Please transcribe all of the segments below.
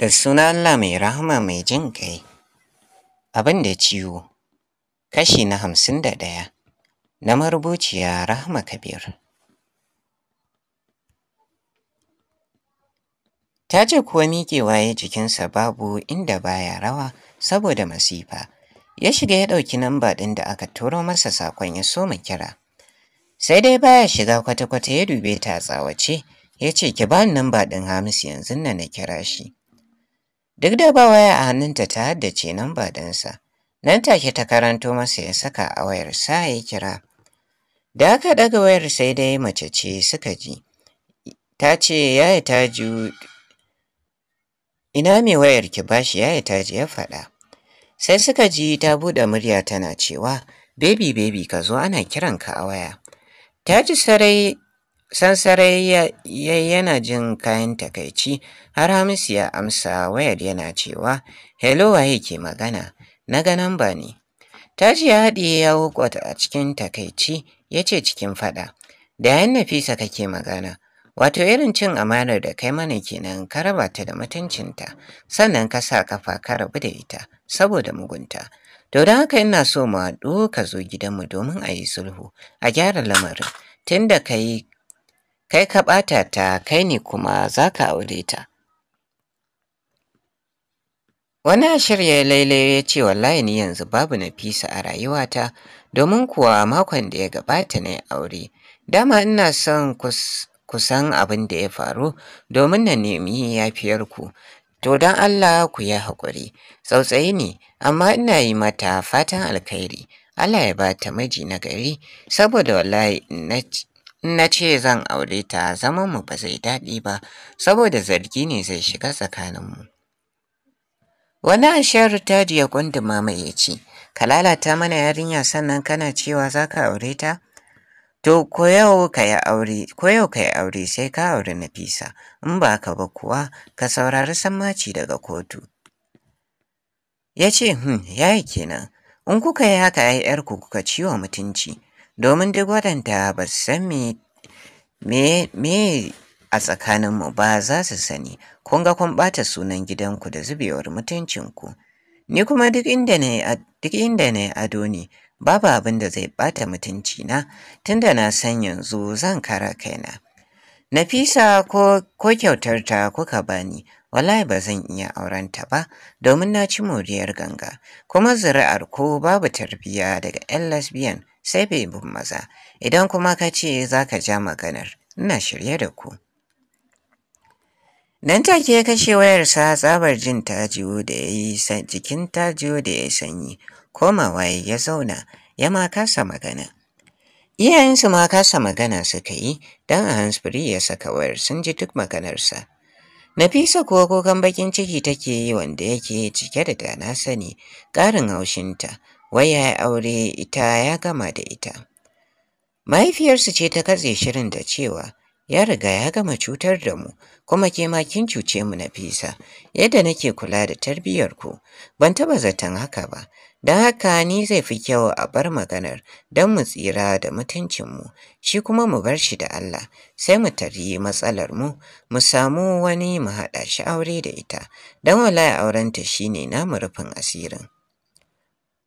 da suna Allah mai rahama mai jin ƙai. Abin da ciwo, kashi na hamsin da ɗaya, na marubuciya Rahama Kabir. Ta ce kuwa miƙewa ya jikinsa babu inda baya rawa saboda masifa. Ya shiga ya ɗauki namba ɗin da aka turo masa saƙon ya so soma kira. Sai dai baya shiga kwata-kwata ya dube ta tsawace, ya ce ki ba ni namba ɗin Hamisu yanzu na na kira shi. Duk da ba waya a hannunta ta haddace nan ba dansa nan take ta karanto masa ya saka a wayar sa ya kira. Da aka ɗaga wayar sai dai mace ce suka ji. Ta ce yaya ji ina mai wayar ki bashi yaya ji ya faɗa. Sai suka ji ta buɗe murya tana cewa baby baby ka zo ana kiranka a waya. Ta ji sarai Sansarai yana jin kayan takaici har Hamisu ya amsa wayar yana cewa, Hello waye ke magana, na ga ba ne. Taji ya haɗe ya hukwata a cikin takaici ya ce cikin faɗa, da yan Nafisa kake magana, wato irin cin amanar da kai mana kenan ka raba ta da mutuncinta, sannan ka sa kafa ka rabu da ita saboda mugunta. To don haka ina so mu haɗu ka zo gidanmu domin a yi sulhu, a gyara lamarin, tun da ka yi kai ka ɓata ta kai ne kuma za ka aure ta. Wani shirya lailai ya ce wallahi ni yanzu babu nafisa a rayuwata domin kuwa makon da ya gabata na aure. Dama ina son kusan abin da ya faru domin na nemi yafiyar ku. To don Allah ku yi haƙuri, Sautsayi ne, amma ina yi mata fatan alkhairi. Allah ya ba ta miji na gari, saboda wallahi na ce zan aure ta zaman mu ba zai daɗi ba saboda zargi ne zai shiga tsakaninmu. Wani ashar ta jiya gunduma mai ya ce, Ka lalata mana yarinya sannan kana cewa za ka aure ta? To, ko yau ka yi aure sai ka aure na fisa, in ba ka ba kuwa ka saurari sammaci daga kotu. Ya ce, hmm, 'Ya yayi kenan, in kuka yi haka ai ku kuka wa mutunci. domin duk waɗanda ba su san me a tsakaninmu ba za su sani kun ga kun ɓata sunan gidanku da zubewar mutuncinku ni kuma duk inda na yi ado ne babu abin da zai ɓata mutuncina tunda na san yanzu zan kara kaina Nafisa ko, ko ta kuka bani wallahi ba zan iya aurenta ba domin na ci moriyar ganga kuma zuri'ar ko babu tarbiya daga 'yan lesbian sai bai bin maza, idan kuma ka ce za ka ja maganar, ina shirye da ku. Nan take ya kashe wayarsa tsabar jin ta jiwo da ya yi jikin ta jiwo da ya sanyi, komawa ya zauna, ya ma kasa magana. Iyayensu ma kasa magana suka yi, don a hansfiri ya saka wayar sun ji duk maganarsa. Nafisa kuwa kogon bakin ciki take yi wanda yake cike da dana sani, ƙarin haushinta, wai ya yi aure ita ya gama da ita. Mahaifiyarsu ce ta katse shirin da cewa ya riga ya gama cutar da mu kuma ke ma cuce mu na fisa, yadda nake kula da tarbiyyar ban taba zaton haka ba don haka ni zai fi kyau a bar maganar don mu tsira da mutuncinmu, shi kuma mu bar shi da Allah sai mu tari matsalar mu mu samu wani mu haɗa shi aure da ita don ya aurenta shine namu rufin asirin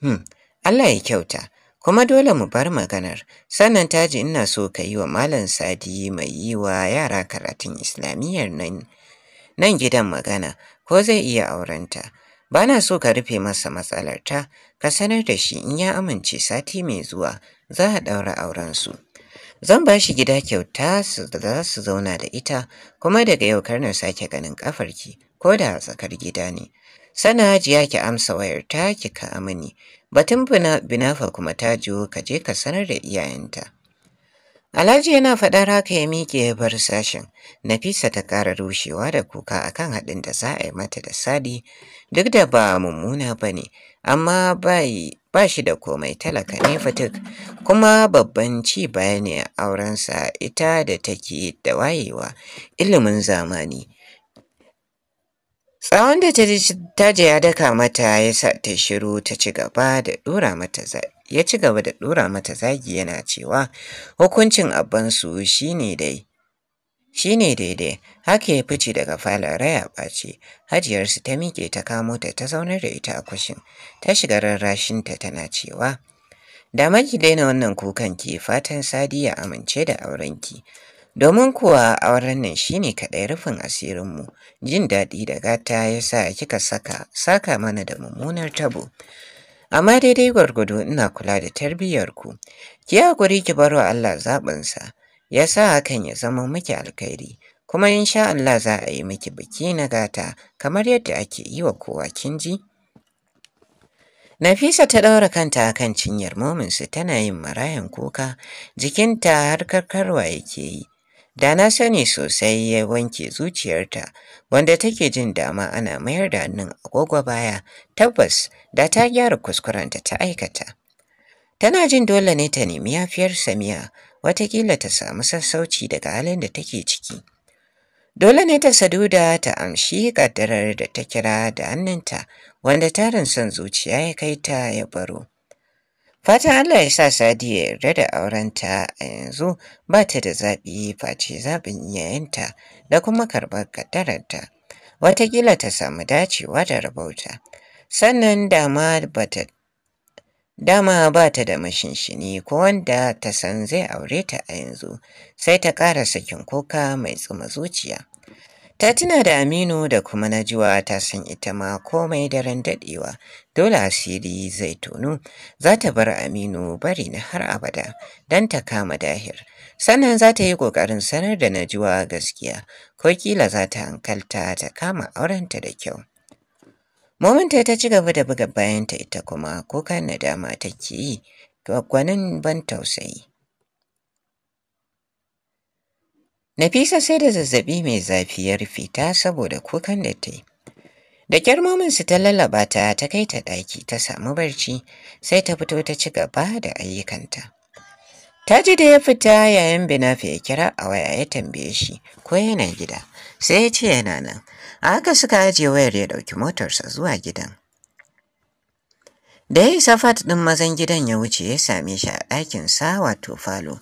Hmm, Allah ya kyauta, kuma dole mu bar maganar. Sannan taji ina so ka yi wa Malam Sadi mai yi wa yara karatun Islamiyyar nan, nan gidan magana, ko zai iya aurenta. Ba na so ka rufe masa matsalarta, ka sanar da shi in ya amince sati mai zuwa za a ɗaura aurensu. Zan ba shi gida kyauta da za su zauna da ita, kuma daga yau karnar sake ganin ƙafarki, ko da tsakar gida ne. Sana hajiya ki amsa wayar ta ki ka amini, Batun binafa kuma ta jiwo ka je ka sanar da iyayenta. Alhaji yana faɗar haka ya miƙe ya bar sashen. Nafisa ta ƙara rushewa da kuka akan haɗin da za a yi mata da Sadi duk da ba mummuna ba ne, amma ba shi da komai talaka ne fatik kuma babban ci baya ne aurensa ita da take da wayewa ilimin zamani. Tsawon da ta je ya daka mata ya sa ta shiru ta ci gaba da dora mata ya ci gaba da dora mata zagi yana cewa hukuncin abbansu shine dai shi ne daidai haka ya fice daga falon raya ɓace hajiyarsu ta mike ta kamo ta ta zaunar da ita a kushin ta shiga rarrashinta tana cewa da maki daina wannan kukan ki fatan Sadiya amince da aurenki domin kuwa auren nan shi ne kaɗai rufin asirinmu jin daɗi da gata ya sa kika saka saka mana da mummunar tabo amma daidai gwargwado ina kula da tarbiyyarku ki hakuri ki wa Allah zaɓinsa ya sa hakan ya zama miki alkhairi kuma in sha Allah za a yi miki biki na gata kamar yadda ake yi wa kowa kin ji Nafisa ta ɗaura kanta a kan cinyar mominsu tana yin marayan kuka, jikinta har karkarwa yake yi. Da na sani sosai ya wanke zuciyarta, wanda take jin dama ana mayar da hannun agogo baya, tabbas da ta gyara kuskurenta ta aikata. Tana jin dole ne ta nemi yafiyar Samiya, watakila ta samu sassauci daga halin da take ciki. Dole ne ta saduda ta amshi kaddarar da ta kira da hannunta, wanda tarin son zuciya ya kai ta ya baro. Fatan Allah ya sa Sadi ya yarda da aurenta a yanzu ba ta da zaɓi face zaɓin iyayenta da kuma karɓar kaddararta. Wataƙila ta samu dacewa da rabauta. Sannan dama ba ta Dama ba ta da mashinshini ko wanda ta san zai aure ta a yanzu, sai ta ƙara sakin koka mai tsuma zuciya. Ta tuna da Aminu da kuma Najuwa ta san ita ma komai daren daɗewa, dole asiri zai tunu za ta bar Aminu bari na har abada don ta kama dahir. Sannan za ta yi ƙoƙarin sanar da Najuwa gaskiya, ko kila za ta hankalta ta kama aurenta da kyau. Mominta ta ci gaba da buga bayanta ita kuma kukan nadama take yi, gwanin ban tausayi. Nafisa sai da zazzabi mai zafi ya rufe ta saboda kukan da ta yi. Da kyar mominsu ta lallaba ta ta kai ta ɗaki ta samu barci sai ta fito ta ci gaba da ayyukanta. Ta ji da ya fita yayin binafi ya kira a waya ya tambaye shi ko yana gida sai ya ce yana nan. A haka suka ajiye wayar ya ɗauki motarsa zuwa gidan. Da ya isa fat ɗin mazan gidan ya wuce ya same shi a ɗakin sa wato falo.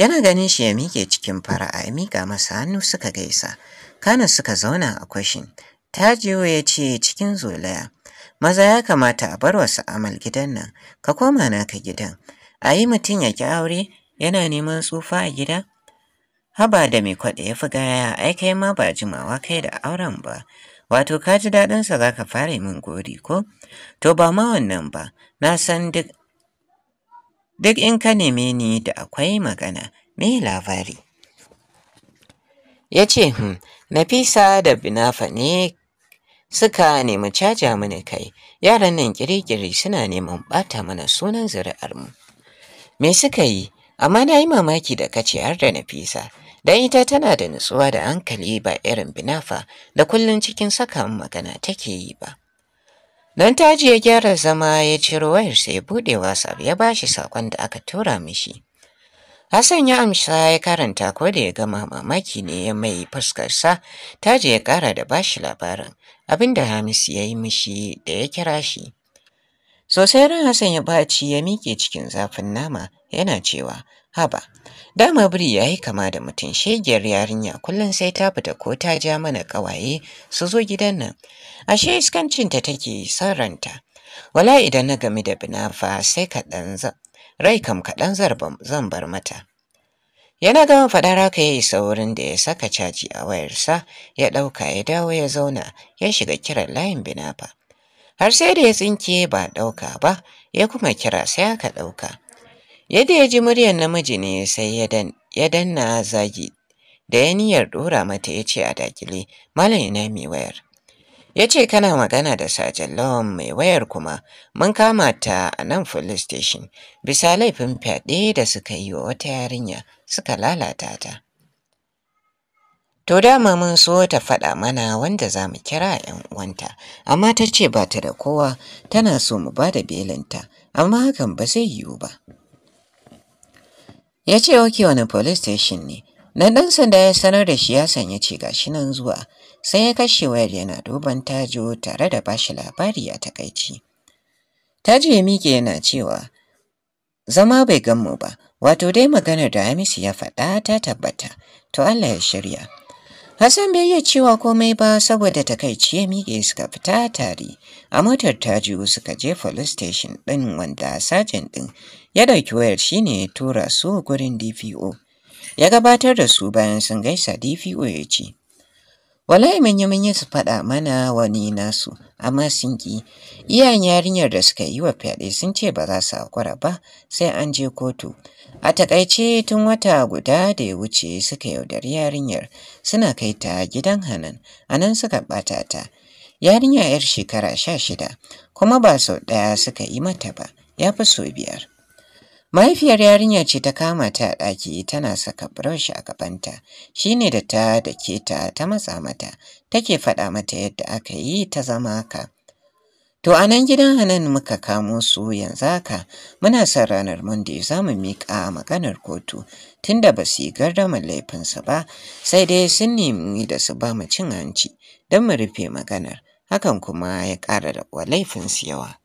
Yana ganin shi ya miƙe cikin fara'a ya miƙa masa hannu suka gaisa. Kana suka zauna a kwashin. Tajiyo ya ce cikin zolaya. Maza ya kamata a bar wasu amal gidan nan, ka koma naka gidan. A yi mutum ya ki aure yana neman tsufa a gida? Haba da mai kwaɗa ya fi gaya, ai kai ma ba jimawa kai da auren ba. Wato ka ji daɗinsa za ka fara min gori ko? To ba ma wannan ba, na san duk Duk in ka neme ni da akwai magana, me labari? Ya ce, hmm, Nafisa da Binafa ne suka nemi caja mana kai, yaran nan kirikiri suna neman ɓata mana sunan zuri'armu. Me suka yi? Amma na yi mamaki da kace har da Nafisa, don ita tana da nutsuwa da hankali ba irin Binafa da kullum cikin saka magana take yi ba. Dan taji ya gyara zama ya ciro wayar sai ya buɗe wasa ya bashi sakon da aka tura mishi. Hassan ya amsa ya karanta ko da ya gama mamaki ne ya mai fuskarsa taji ya ƙara da bashi labarin abinda Hamis ya yi mishi da ya kira shi. Sosai ran Hassan ya baci ya miƙe cikin zafin nama yana cewa Haba, dama biri ya yi kama da mutum shegiyar yarinya kullum sai ta fita ko ta ja mana ƙawaye su zo gidan nan. Ashe iskancinta take son ranta. Wala idan na gami da binafa sai kaɗan rai kam kaɗan zan bar mata. Yana gama faɗar haka ya isa wurin da ya saka caji a wayarsa ya ɗauka ya dawo ya zauna ya shiga kiran layin binafa. Har sai da ya tsinke ba ɗauka ba ya kuma kira sai aka ɗauka. Yadda ya ji muryar namiji ne sai ya danna zagi da ya niyyar ɗora mata ya ce a dakile, Malam ina mai wayar. Ya ce kana magana da Sajan Lawan mai wayar kuma mun kama ta a nan police station bisa laifin fyaɗe da suka yi wa wata yarinya suka lalata ta. To dama mun so ta faɗa mana wanda za mu kira ‘yan uwanta, amma ta ce ba ta da kowa tana so mu ba da belinta, amma hakan ba zai yiwu ba. ya ce wake wani police station ne dan ɗan sanda ya sanar da shi ya sanya ce gashi nan zuwa sai ya kashe wayar yana duban tajo tare da bashi labari a takaici tajo ya mike yana cewa zama bai gan mu ba wato dai maganar da hamisu ya faɗa ta tabbata to allah ya shirya Hassan bai iya cewa komai ba saboda takaici ya mike suka fita tare. A motar ta suka je police station ɗin wanda sergeant ɗin ya ɗauki wayar shine ya tura su gurin DPO. Ya gabatar da su bayan sun gaisa DPO ya ce, Wallahi mun yi mun yi su faɗa mana wani nasu, amma sun ki iyayen yarinyar da suka yi wa fyaɗe sun ce ba za su haƙura ba sai an je kotu. A takaice tun wata guda da ya wuce suka yaudari yarinyar suna kai ta gidan Hanan, nan suka ɓata ta. Yarinyar 'yar shekara sha shida, kuma ba sau ɗaya suka yi mata ba, ya fi sau biyar. Mahaifiyar yarinya ce ta kama ta a ɗaki tana saka brush a gabanta, shi ne da ta dake ta ta matsa mata, take faɗa mata yadda aka yi ta zama haka. To a nan gidan Hanan muka kamo su yanzu haka muna son ranar Monday za mu miƙa maganar kotu tunda ba su yi gardamar laifinsu ba sai dai sun nemi da su ba mu cin hanci don mu rufe maganar hakan kuma ya ƙara da laifinsu yawa.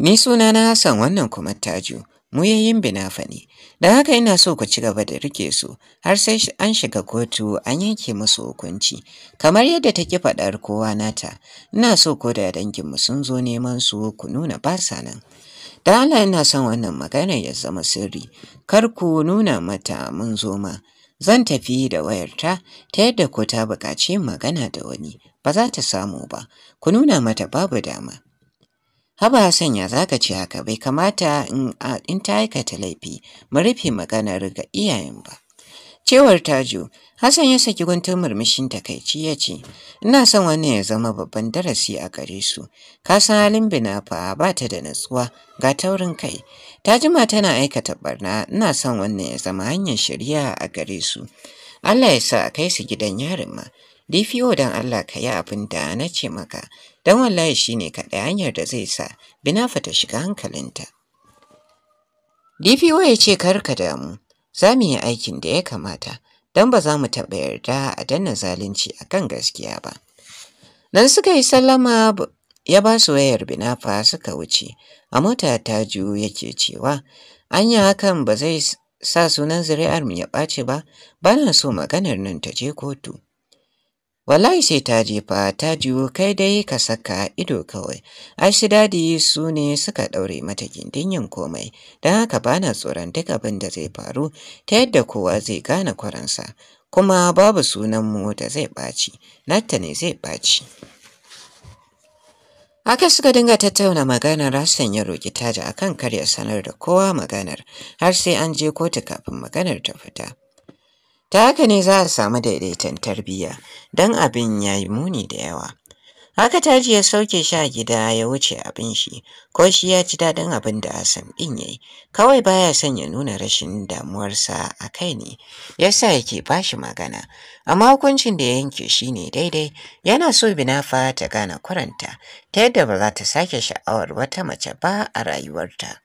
Ni suna na Hassan wannan kuma Taju, mu yayin binafa ne, haka ina so ku ci gaba da rike su har sai an shiga kotu an yanke musu hukunci. Kamar yadda take faɗar kowa nata, ina so ko da mu sun zo neman su ku nuna ba sa nan. Da Allah ina son wannan magana ya zama sirri, kar ku nuna mata mun zo ma. Zan tafi da wayarta ta yadda ko ta buƙaci magana da wani ba za ta samu ba, ku nuna mata babu dama. Haba sanya za ka ce haka bai kamata in ta aikata laifi mu rufe magana ga iyayen ba. Cewar Tajo, Hassan ya saki guntun murmushin takaici ya ce, Ina son wannan ya zama babban darasi a gare su, ka san halin binafa ba ta da natsuwa ga taurin kai, ta jima tana aikata barna ina son wannan ya zama hanyar shari'a a gare su. Allah ya sa a kai su gidan yarin ma, DPO don Allah ka yi abin da na ce maka, don wallahi shi ne kaɗai hanyar da zai sa Binafa ta shiga hankalinta. DPO ya ce kar ka damu, za mu yi aikin da ya kamata, don ba za mu taɓa yarda a danna zalunci a kan gaskiya ba. Nan suka yi sallama ya ba su wayar Binafa suka wuce, a mota ta ju yake cewa, anya hakan ba zai sa sunan zuri'ar mu ya ɓace ba, ba na so maganar nan ta je kotu. wallahi sai ta jefa ta jiwo kai dai ka saka ido kawai ai shi dadi su ne suka ɗaure mata gindin yin komai don haka bana tsoron duk abin da zai faru ta yadda kowa zai gane kwaransa kuma babu sunan mu da zai ɓaci natta ne zai ɓaci Haka suka dinga tattauna maganar rasan ya roki taja akan karya sanar da kowa maganar har sai an je kotu kafin maganar ta fita. ta haka ne za a samu daidaiton tarbiyya don abin ya yi muni da yawa haka taji ya sauke shi a gida ya wuce abin shi ko shi ya ci daɗin abin da Hassan ɗin ya yi kawai baya son ya nuna rashin damuwarsa a kai ne Ya sa yake ba shi magana amma hukuncin da ya yanke shi ne daidai yana so binafa ta gane kuranta ta yadda ba za ta sake sha'awar wata mace ba a rayuwarta.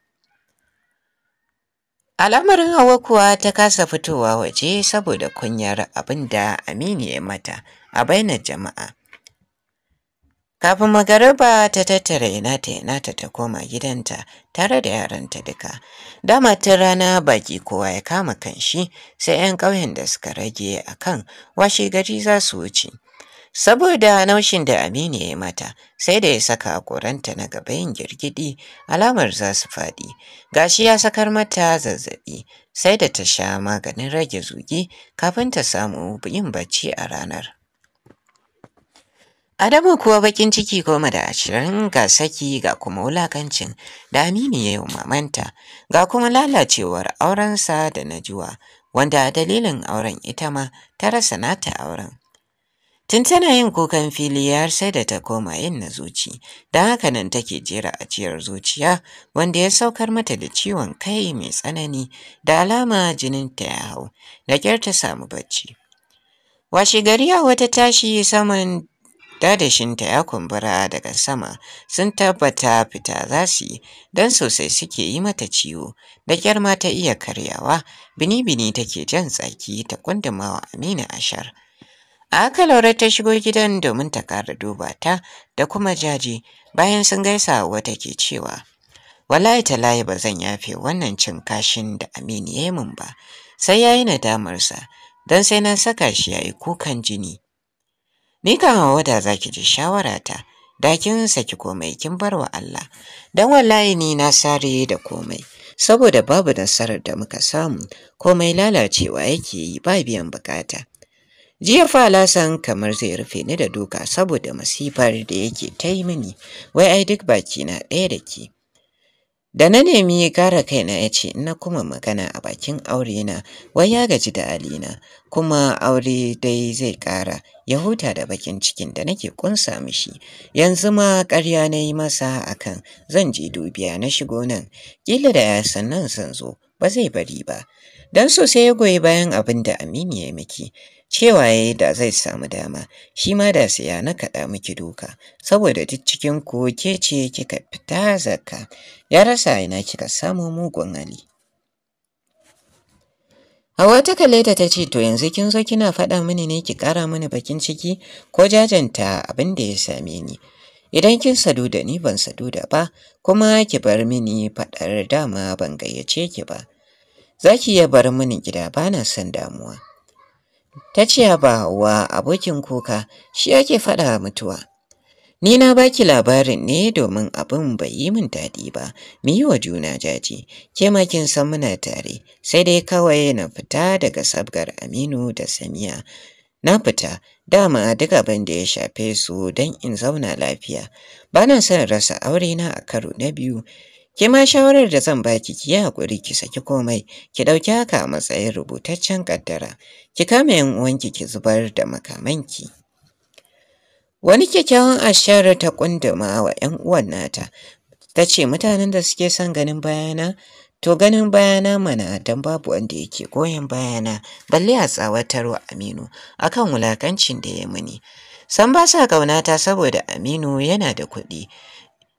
Al'amarin Hauwa kuwa ta kasa fitowa waje saboda kunyar abin da Aminu ya mata a bainar jama'a. Kafin magaraba ta tattara inata inata ta koma gidanta tare da yaranta duka. Dama ta rana baki kowa ya kama kanshi sai 'yan ƙauyen da suka rage a kan washe gari za su wuce. Saboda naushin da Aminu ya mata, sai da ya saka hakoranta na gaba yin girgidi alamar za su faɗi. shi ya sakar mata zazzaɓi, sai da ta sha maganin rage zugi kafin ta samu yin bacci a ranar. Adamu kuwa bakin ciki goma da ashirin ga saki ga kuma wulakancin da Aminu ya yi mamanta, ga kuma lalacewar aurensa da na juwa, wanda dalilin auren ita ma ta rasa nata auren. Tun tana yin kukan fili har sai da ta koma yin na zuci, don haka nan take jera ajiyar zuciya wanda ya saukar mata da ciwon kai mai tsanani da alama jinin ta ya hau, da ƙyar ta samu bacci. Washe gari wata tashi saman dadashinta ya kumbura daga sama sun tabbata fita za su yi don sosai suke yi mata ciwo da kyar ma ta iya karyawa bini-bini take jan tsaki ta kundumawa amina ashar aka Laure ta shigo gidan domin ta ƙara duba ta da kuma jaji bayan sun gaisa wata ke cewa, Wallahi layi ba zan yafe wannan cin kashin da amini ya yi min ba, sai ya yi nadamarsa, don sai na saka shi ya yi kukan jini. Ni kan hawa da za ki ji shawarata, da kin saki komai kin bar wa Allah, don wallahi ni na sare da komai, saboda babu nasarar da muka samu, komai lalacewa yake yi ba biyan bukata. Jiya fa Lasan kamar zai rufe ni da duka saboda masifar da yake ta yi mini, wai ai duk baki na ɗaya da ke. Da na nemi kai kaina ya ce na kuma magana a bakin aure na wai ya gaji da alina kuma aure dai zai ƙara ya huta da bakin cikin da nake ƙunsa mishi yanzu ma karya na yi masa a kan. zan je dubiya na shigo nan ƙila da ya sannan zan zo ba zai bari ba dan sosai ya goyi bayan abin da Aminu ya miki cewa yayi da zai samu dama shi ma da siya na kaɗa miki doka, saboda duk cikin ku ce kika fita zakka ya rasa ina kika samu mugun hali Hawa ta kalle ta ta ce to yanzu kin zo kina faɗa mini ne ki ƙara mini bakin ciki ko jajanta abin da ya same ni. Idan kin sadu da ni ban sadu da ba kuma ki bar mini faɗar dama ban gayyace ki ba. Za ki iya bar mini gida bana son damuwa. ta ce ba wa abokin kuka shi yake faɗa mutuwa. Ni na baki labarin ne domin abin bai yi min daɗi ba, mu yi wa juna jaji, ke ma san muna tare, sai dai kawai na fita daga sabgar Aminu da Samiya. Na fita, dama duk abin da ya shafe su don in zauna lafiya, ba na son rasa aure na a karo na biyu, Ki ma shawarar da zan baki ki yi hakuri ki saki komai, ki ɗauki haka a matsayin rubutaccen kaddara, ki kama yan uwanki ki zubar da makamanki. Wani kyakkyawan ashar ta kunduma wa ‘yan uwan nata, ta ce mutanen da suke son ganin bayana, to ganin bayana mana don babu wanda yake goyon bayana, balle a tsawatar wa Aminu akan wulakancin da ya muni. San ba sa ƙaunata saboda Aminu yana da kuɗi.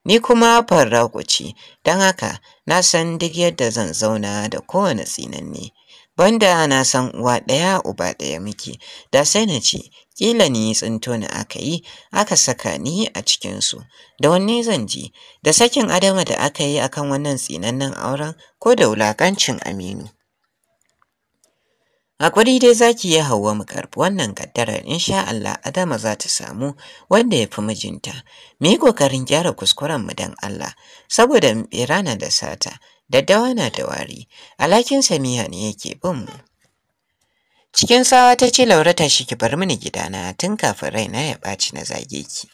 ni kuma farraƙuci don haka na san duk yadda zan zauna da kowane tsinanni banda na san uwa ɗaya uba ɗaya muke da sai na ce ƙila ni tsinto ni aka yi aka saka ni a cikinsu da wanne zan ji da sakin adama da aka yi akan wannan tsinannen auren ko da wulaƙancin aminu Hakuri dai zaki ya hawa mu karfi wannan kaddarar insha Allah Adama za ta samu wanda yafi mijinta. Mu yi kokarin gyara kuskuren mu dan Allah saboda bera na da sata, daddawa na da wari. Alakin Samiha ne yake bin mu. Cikin sawa ta ce Laura ta shi ki bar mini gidana tun kafin raina ya ɓaci na zage ki.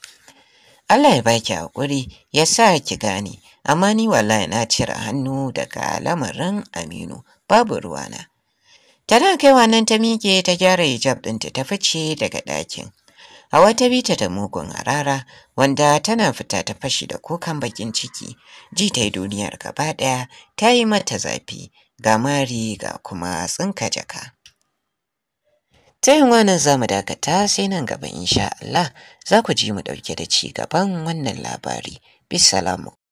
Allah ya baki hakuri ya sa ki gane amma ni wallahi na cire hannu daga lamarin Aminu babu ruwana. Tana kaiwa nan ta miƙe ta gyara hijab ɗinta ta fice daga ɗakin. Hawa ta bi ta da mugun harara wanda tana fita ta fashi da kukan bakin ciki. Ji ta yi duniyar gaba ɗaya ta yi mata zafi ga mari ga kuma tsinka jaka. Ta yin wannan za mu dakata sai nan gaba insha Allah za ku ji mu ɗauke da ci gaban wannan labari. Bisalamu.